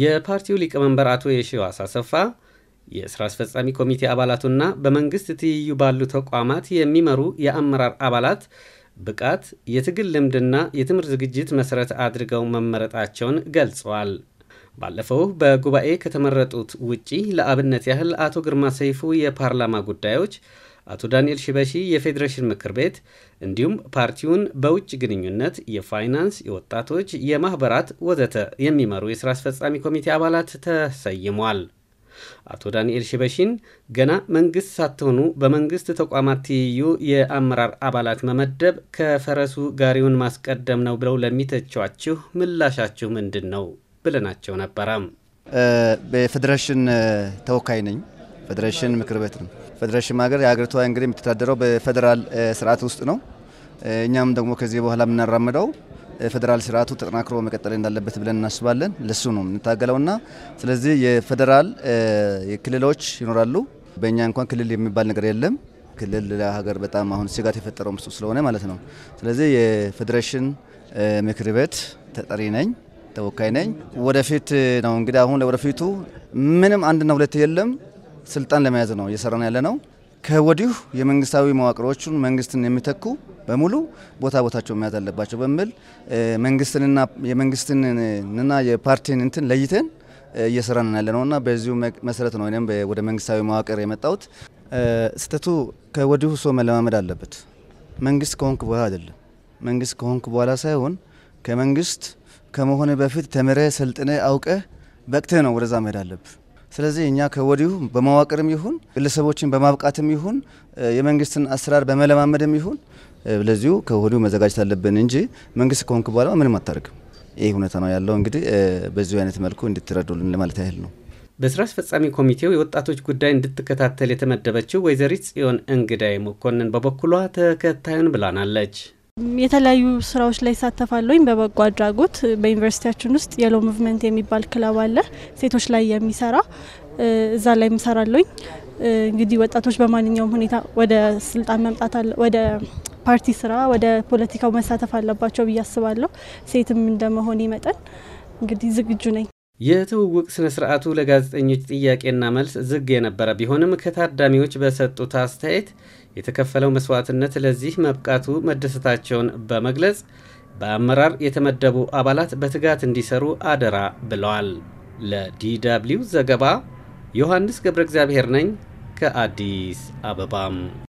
የፓርቲው ሊቀመንበር አቶ የሺዋስ አሰፋ የስራ አስፈጻሚ ኮሚቴ አባላቱና በመንግስት ትይዩ ባሉ ተቋማት የሚመሩ የአመራር አባላት ብቃት፣ የትግል ልምድና የትምህርት ዝግጅት መሰረት አድርገው መመረጣቸውን ገልጸዋል። ባለፈው በጉባኤ ከተመረጡት ውጪ ለአብነት ያህል አቶ ግርማ ሰይፉ የፓርላማ ጉዳዮች አቶ ዳንኤል ሽበሺ የፌዴሬሽን ምክር ቤት እንዲሁም ፓርቲውን በውጭ ግንኙነት፣ የፋይናንስ፣ የወጣቶች፣ የማህበራት ወዘተ የሚመሩ የስራ አስፈጻሚ ኮሚቴ አባላት ተሰይሟል። አቶ ዳንኤል ሽበሺን ገና መንግስት ሳትሆኑ በመንግስት ተቋማት ትይዩ የአመራር አባላት መመደብ ከፈረሱ ጋሪውን ማስቀደም ነው ብለው ለሚተቿችሁ ምላሻችሁ ምንድን ነው ብለናቸው ነበረም። በፌዴሬሽን ተወካይ ነኝ። ፌዴሬሽን ምክር ቤት ነው ፌዴሬሽን ሀገር የሀገሪቷ እንግዲህ የምትተዳደረው በፌዴራል ስርዓት ውስጥ ነው። እኛም ደግሞ ከዚህ በኋላ የምናራምደው ፌዴራል ስርዓቱ ተጠናክሮ መቀጠል እንዳለበት ብለን እናስባለን። ለሱ ነው የምንታገለውና ስለዚህ የፌዴራል ክልሎች ይኖራሉ። በእኛ እንኳን ክልል የሚባል ነገር የለም። ክልል ለሀገር በጣም አሁን ስጋት የፈጠረው ምስ ስለሆነ ማለት ነው። ስለዚህ የፌዴሬሽን ምክር ቤት ተጠሪ ነኝ፣ ተወካይ ነኝ። ወደፊት ነው እንግዲህ አሁን ለወደፊቱ ምንም አንድና ሁለት የለም። ስልጣን ለመያዝ ነው እየሰራን ያለ ነው። ከወዲሁ የመንግስታዊ መዋቅሮቹን መንግስትን የሚተኩ በሙሉ ቦታ ቦታቸው መያዝ አለባቸው በሚል መንግስትንና የመንግስትንና የፓርቲን እንትን ለይተን እየሰራን ያለ እና በዚሁ መሰረት ነው እኔም ወደ መንግስታዊ መዋቅር የመጣሁት። ስህተቱ ከወዲሁ ሰው መለማመድ አለበት። መንግስት ከሆንክ በኋላ አይደለም። መንግስት ከሆንክ በኋላ ሳይሆን ከመንግስት ከመሆን በፊት ተምረ ሰልጥነ አውቀ በቅተ ነው ወደዛ መሄድ አለብህ። ስለዚህ እኛ ከወዲሁ በማዋቅርም ይሁን ግለሰቦችን በማብቃትም ይሁን የመንግስትን አሰራር በመለማመድም ይሁን ለዚሁ ከወዲሁ መዘጋጀት አለብን እንጂ መንግስት ከሆንክ በኋላ ምንም አታደርግም። ይህ ሁኔታ ነው ያለው። እንግዲህ በዚሁ አይነት መልኩ እንድትረዱልን ለማለት ያህል ነው። በስራ አስፈጻሚ ኮሚቴው የወጣቶች ጉዳይ እንድትከታተል የተመደበችው ወይዘሪት ጽዮን እንግዳይ መኮንን በበኩሏ ተከታዩን ብላናለች። የተለያዩ ስራዎች ላይ ይሳተፋለሁኝ በበጎ አድራጎት። በዩኒቨርሲቲያችን ውስጥ የሎ ሙቭመንት የሚባል ክለብ አለ ሴቶች ላይ የሚሰራ እዛ ላይ ምሰራለኝ እንግዲህ ወጣቶች በማንኛውም ሁኔታ ወደ ስልጣን መምጣት አለ ወደ ፓርቲ ስራ ወደ ፖለቲካው መሳተፍ አለባቸው ብዬ አስባለሁ። ሴትም እንደመሆኔ መጠን እንግዲህ ዝግጁ ነኝ። የትውውቅ ስነ ስርዓቱ ለጋዜጠኞች ጥያቄና መልስ ዝግ የነበረ ቢሆንም ከታዳሚዎች በሰጡት አስተያየት የተከፈለው መስዋዕትነት ለዚህ መብቃቱ መደሰታቸውን በመግለጽ በአመራር የተመደቡ አባላት በትጋት እንዲሰሩ አደራ ብለዋል። ለዲደብሊው ዘገባ ዮሐንስ ገብረ እግዚአብሔር ነኝ ከአዲስ አበባም